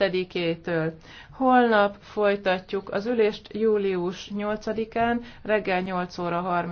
7-től. Holnap folytatjuk az ülést július 8-án reggel 8 óra 30.